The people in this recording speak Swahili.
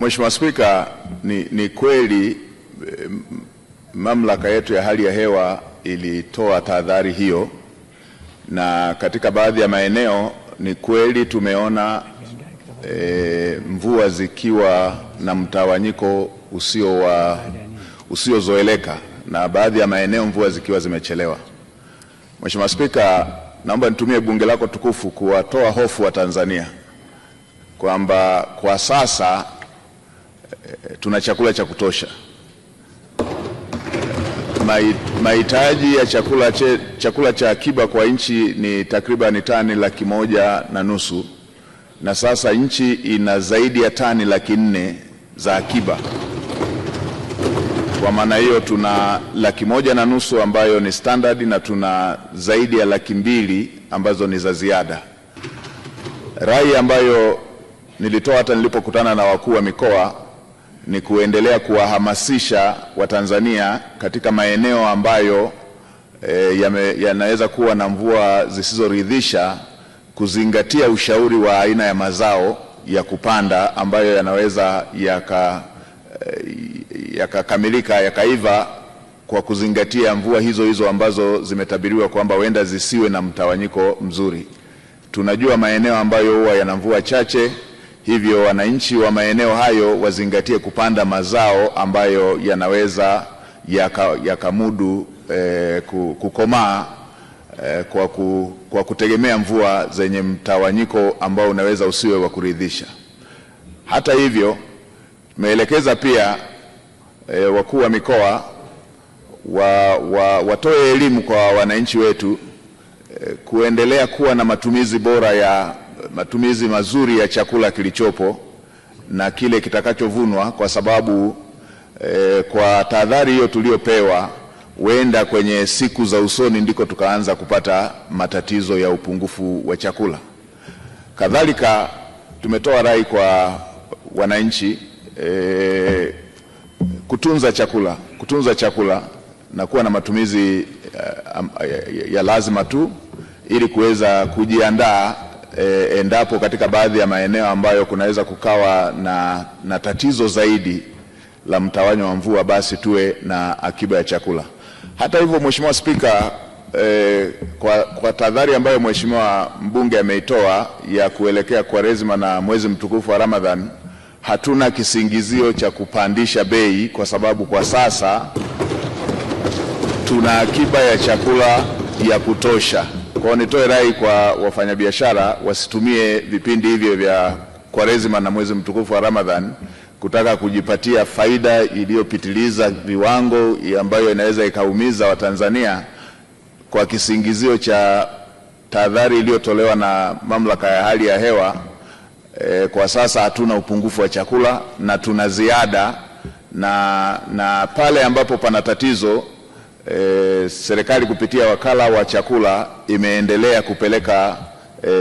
Mheshimiwa Spika, ni, ni kweli eh, mamlaka yetu ya hali ya hewa ilitoa tahadhari hiyo, na katika baadhi ya maeneo ni kweli tumeona e, mvua zikiwa na mtawanyiko usio wa usiozoeleka na baadhi ya maeneo mvua zikiwa zimechelewa. Mheshimiwa Spika, naomba nitumie bunge lako tukufu kuwatoa hofu wa Tanzania kwamba kwa sasa tuna chakula cha kutosha. Mahitaji ya chakula, che, chakula cha akiba kwa nchi ni takriban tani laki moja na nusu na sasa nchi ina zaidi ya tani laki nne za akiba. Kwa maana hiyo tuna laki moja na nusu ambayo ni standard na tuna zaidi ya laki mbili ambazo ni za ziada. Rai ambayo nilitoa hata nilipokutana na wakuu wa mikoa ni kuendelea kuwahamasisha Watanzania katika maeneo ambayo e, yanaweza ya kuwa na mvua zisizoridhisha kuzingatia ushauri wa aina ya mazao ya kupanda ambayo yanaweza e, yakakamilika yaka yakaiva kwa kuzingatia mvua hizo hizo ambazo zimetabiriwa kwamba huenda zisiwe na mtawanyiko mzuri. Tunajua maeneo ambayo huwa yana mvua chache Hivyo wananchi wa maeneo hayo wazingatie kupanda mazao ambayo yanaweza yakamudu ya eh, kukomaa eh, kwa, ku, kwa kutegemea mvua zenye mtawanyiko ambao unaweza usiwe wa kuridhisha. Hata hivyo, tumeelekeza pia eh, wakuu wa mikoa wa, wa, watoe elimu kwa wananchi wetu eh, kuendelea kuwa na matumizi bora ya matumizi mazuri ya chakula kilichopo na kile kitakachovunwa, kwa sababu eh, kwa tahadhari hiyo tuliyopewa, huenda kwenye siku za usoni ndiko tukaanza kupata matatizo ya upungufu wa chakula. Kadhalika tumetoa rai kwa wananchi eh, kutunza chakula, kutunza chakula na kuwa na matumizi eh, ya lazima tu ili kuweza kujiandaa e, endapo katika baadhi ya maeneo ambayo kunaweza kukawa na, na tatizo zaidi la mtawanyo wa mvua, basi tuwe na akiba ya chakula. Hata hivyo, Mheshimiwa Spika, e, kwa, kwa tahadhari ambayo Mheshimiwa mbunge ameitoa ya kuelekea Kwaresima na mwezi mtukufu wa Ramadhan, hatuna kisingizio cha kupandisha bei kwa sababu kwa sasa tuna akiba ya chakula ya kutosha. Kwao nitoe rai kwa wafanyabiashara wasitumie vipindi hivyo vya Kwaresima na mwezi mtukufu wa Ramadhan kutaka kujipatia faida iliyopitiliza viwango ambayo inaweza ikaumiza Watanzania kwa kisingizio cha tahadhari iliyotolewa na mamlaka ya hali ya hewa. E, kwa sasa hatuna upungufu wa chakula na tuna ziada na, na pale ambapo pana tatizo eh, serikali kupitia wakala wa chakula imeendelea kupeleka